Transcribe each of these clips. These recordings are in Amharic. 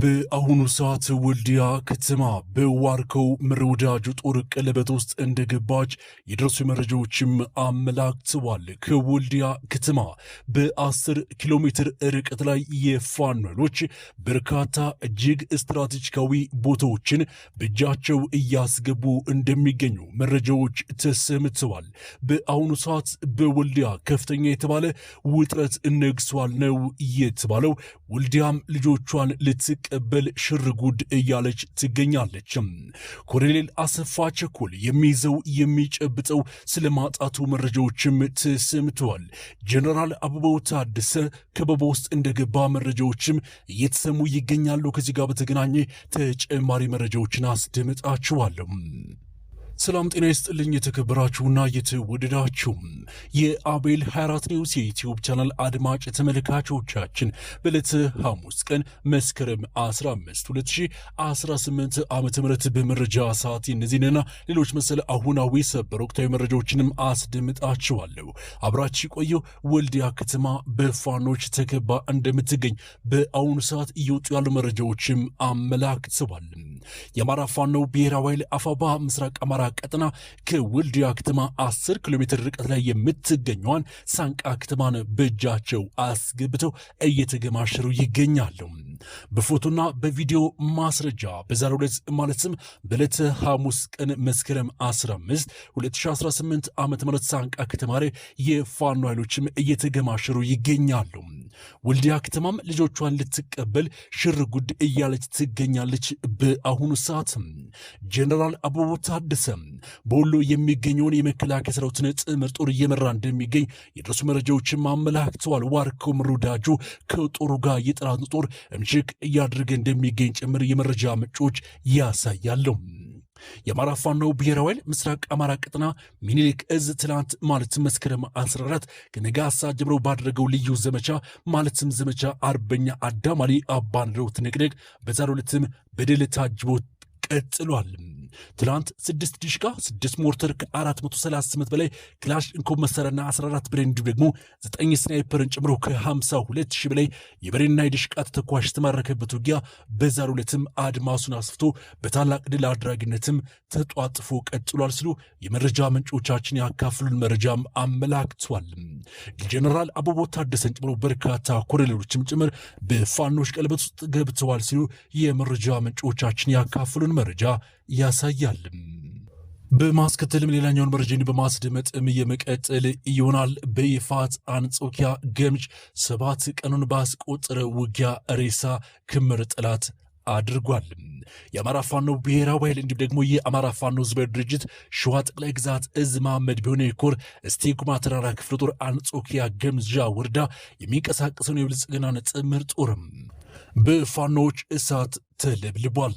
በአሁኑ ሰዓት ወልዲያ ከተማ በዋርከው ምረ ጦር ቀለበት ውስጥ እንደገባች የደረሱ መረጃዎችም አመላክተዋል። ከወልዲያ ከተማ በ10 ኪሎ ሜትር ርቀት ላይ የፋኖ ኃይሎች በርካታ እጅግ ስትራቴጂካዊ ቦታዎችን በእጃቸው እያስገቡ እንደሚገኙ መረጃዎች ተሰምተዋል። በአሁኑ ሰዓት በወልዲያ ከፍተኛ የተባለ ውጥረት ነግሷል ነው የተባለው። ወልዲያም ልጆቿን ልትክ ሳትቀበል ሽርጉድ እያለች ትገኛለች። ኮሎኔል አሰፋ ቸኮል የሚይዘው የሚጨብጠው ስለ ማጣቱ መረጃዎችም ተሰምተዋል። ጀነራል አበባው ታደሰ ከበባ ውስጥ እንደገባ መረጃዎችም እየተሰሙ ይገኛሉ። ከዚህ ጋር በተገናኘ ተጨማሪ መረጃዎችን አስደምጣችኋለሁ። ሰላም ጤና ይስጥልኝ። የተከበራችሁና የተወደዳችሁ የአቤል 24 ኒውስ የዩትዩብ ቻናል አድማጭ ተመልካቾቻችን በዕለተ ሐሙስ ቀን መስከረም 15 2018 ዓ ም በመረጃ ሰዓት እነዚህንና ሌሎች መሰል አሁናዊ ሰበር ወቅታዊ መረጃዎችንም አስደምጣችኋለሁ። አብራች ቆዩ። ወልዲያ ከተማ በፋኖች ተከባ እንደምትገኝ በአሁኑ ሰዓት እየወጡ ያሉ መረጃዎችም አመላክተዋል። የአማራ ፋኖ ብሔራዊ ኃይል አፋባ ምስራቅ አማራ አማራ ቀጠና ከወልዲያ ከተማ 10 ኪሎ ሜትር ርቀት ላይ የምትገኘዋን ሳንቃ ከተማን በእጃቸው አስገብተው እየተገማሸሩ ይገኛሉ። በፎቶና በቪዲዮ ማስረጃ በዛሬ ዕለት ማለትም በዕለተ ሐሙስ ቀን መስከረም 15 2018 ዓ ም ሳንቃ ከተማ ላይ የፋኖ ኃይሎችም እየተገማሸሩ ይገኛሉ። ወልዲያ ከተማም ልጆቿን ልትቀበል ሽር ጉድ እያለች ትገኛለች። በአሁኑ ሰዓት ጀኔራል አበባው ታደሰ በወሎ የሚገኘውን የመከላከያ ሰራዊትን ጥምር ጦር እየመራ እንደሚገኝ የደረሱ መረጃዎችም አመላክተዋል። ዋርኮ ምሩዳጁ ከጦሩ ጋር የጠላት ጦር እምሽክ እያደረገ እንደሚገኝ ጭምር የመረጃ ምንጮች ያሳያሉ። የአማራ ፋኖ ብሔራዊ ኃይል ምስራቅ አማራ ቅጥና ሚኒሊክ እዝ ትላንት ማለት መስከረም 14 ከነጋሳ ጀምሮ ባደረገው ልዩ ዘመቻ ማለትም ዘመቻ አርበኛ አዳማሊ አባንድረው ትንቅንቅ በዛሬው ዕለትም በድል ታጅቦ ቀጥሏልም። ትላንት 6 ዲሽቃ 6 ሞርተር ከ438 በላይ ክላሽ እንኮብ መሳሪያና 14 ብሬን እንዲሁም ደግሞ 9 ስናይፐርን ጨምሮ ከ52 ሺህ በላይ የብሬንና የድሽቃ ተተኳሽ የተማረከበት ውጊያ በዛሬው ዕለትም አድማሱን አስፍቶ በታላቅ ድል አድራጊነትም ተጧጥፎ ቀጥሏል ሲሉ የመረጃ ምንጮቻችን ያካፍሉን መረጃም አመላክቷል። ጀነራል አበቦ ታደሰን ጨምሮ በርካታ ኮሎኔሎችም ጭምር በፋኖች ቀለበት ውስጥ ገብተዋል ሲሉ የመረጃ ምንጮቻችን ያካፍሉን መረጃ ያሳያልም። በማስከተልም ሌላኛውን መረጃን በማስደመጥም የመቀጠል ይሆናል። በይፋት አንጾኪያ ገምጅ ሰባት ቀኑን ባስቆጠረ ውጊያ ሬሳ ክምር ጠላት አድርጓል። የአማራ ፋኖ ብሔራዊ ኃይል እንዲሁም ደግሞ የአማራ ፋኖ ህዝባዊ ድርጅት ሸዋ ጠቅላይ ግዛት እዝ መሐመድ ቢሆነ የኮር እስቴ ተራራ ክፍለ ጦር አንጾኪያ ገምዣ ወረዳ የሚንቀሳቀሰውን የብልጽግናን ጥምር ጦርም በፋኖዎች እሳት ተለብልቧል።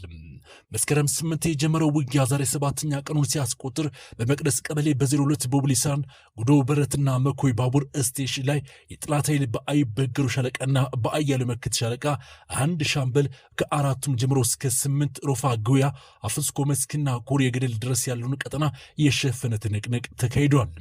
መስከረም ስምንት የጀመረው ውጊያ ዛሬ ሰባተኛ ቀኑን ሲያስቆጥር በመቅደስ ቀበሌ በ02 ቦብሊሳን ጉዶ በረትና መኮይ ባቡር ስቴሽን ላይ የጥላት ኃይል በአይበገሩ ሻለቃና በአያሌው መክት ሻለቃ አንድ ሻምበል ከአራቱም ጀምሮ እስከ ስምንት ሮፋ ጉያ አፍስኮ መስክና ኮር የገደል ድረስ ያለውን ቀጠና የሸፈነ ትንቅንቅ ተካሂዷል።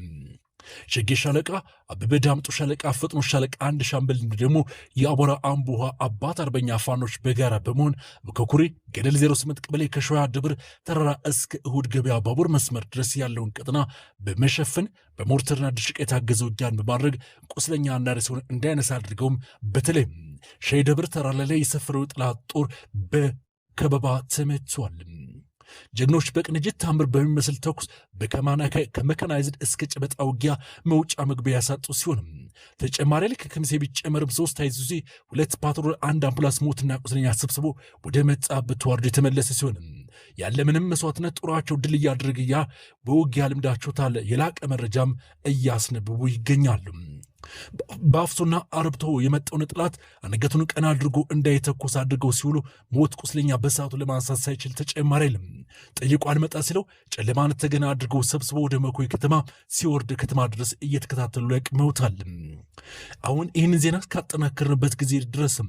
ሸጌ ሻለቃ፣ አበበ ዳምጡ ሻለቃ፣ ፍጥኖ ሻለቃ አንድ ሻምበል ደግሞ የአቦራ አምቡሃ አባት አርበኛ ፋኖች በጋራ በመሆን ከኩሬ ገደል 08 ቀበሌ ከሸዋ ደብር ተራራ እስከ እሁድ ገበያ ባቡር መስመር ድረስ ያለውን ቀጠና በመሸፈን በሞርተርና ድሽቅ የታገዘ ውጊያን በማድረግ ቁስለኛ አናሪ ሲሆን እንዳይነሳ አድርገውም በተለይ ሸይ ደብር ተራላ ላይ የሰፈረው ጠላት ጦር በከበባ ተመቷል። ጀግኖች በቅንጅት ታምር በሚመስል ተኩስ ከመከናይዝድ እስከ ጨበጣ ውጊያ መውጫ መግቢያ ያሳጡ ሲሆንም ተጨማሪ ልክ ከምሴ ቢጨመርም ሶስት አይሱዚ ሁለት ፓትሮል አንድ አምቡላንስ ሞትና ቁስለኛ ሰብስቦ ወደ መጣበት ተዋርዶ የተመለሰ ሲሆንም ያለምንም መስዋዕትነት ጦራቸው ድል እያደረገ በውጊያ ልምዳቸው ታለ የላቀ መረጃም እያስነብቡ ይገኛሉ። በአፍሶና አርብቶ የመጣውን ጥላት አንገቱን ቀና አድርጎ እንዳይተኮስ አድርገው ሲውሉ ሞት ቁስለኛ በሰዓቱ ለማንሳት ሳይችል ተጨማሪ አይልም ጠይቋን አልመጣ ሲለው ጨለማን ተገና አድርገው ሰብስበው ወደ መኮይ ከተማ ሲወርድ ከተማ ድረስ እየተከታተሉ ያቅመውታል። አሁን ይህን ዜና ካጠናከርንበት ጊዜ ድረስም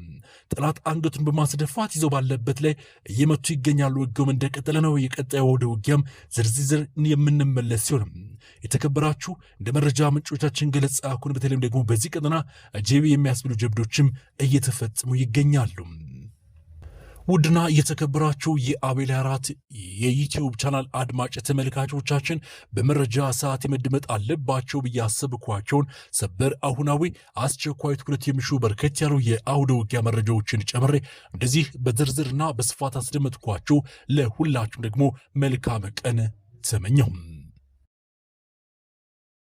ጠላት አንገቱን በማስደፋት ይዘው ባለበት ላይ እየመቱ ይገኛሉ። ውጊያውም እንደቀጠለ ነው። የቀጣዩ ወደ ውጊያም ዝርዝር የምንመለስ ሲሆን የተከበራችሁ እንደ መረጃ ምንጮቻችን ገለጻ አሁን በተለይም ደግሞ በዚህ ቀጠና ጄቢ የሚያስብሉ ጀብዶችም እየተፈጽሙ ይገኛሉ። ውድና የተከበራችሁ የአቤል አራት የዩትዩብ ቻናል አድማጭ ተመልካቾቻችን በመረጃ ሰዓት የመድመጥ አለባቸው ብዬ ሰበር፣ አሁናዊ፣ አስቸኳይ ትኩረት የሚሹ በርከት ያሉ የአውደ ውጊያ መረጃዎችን ጨምሬ እንደዚህ በዝርዝርና በስፋት አስደመጥኳቸው። ለሁላችሁም ደግሞ መልካም ቀን ተመኘሁ።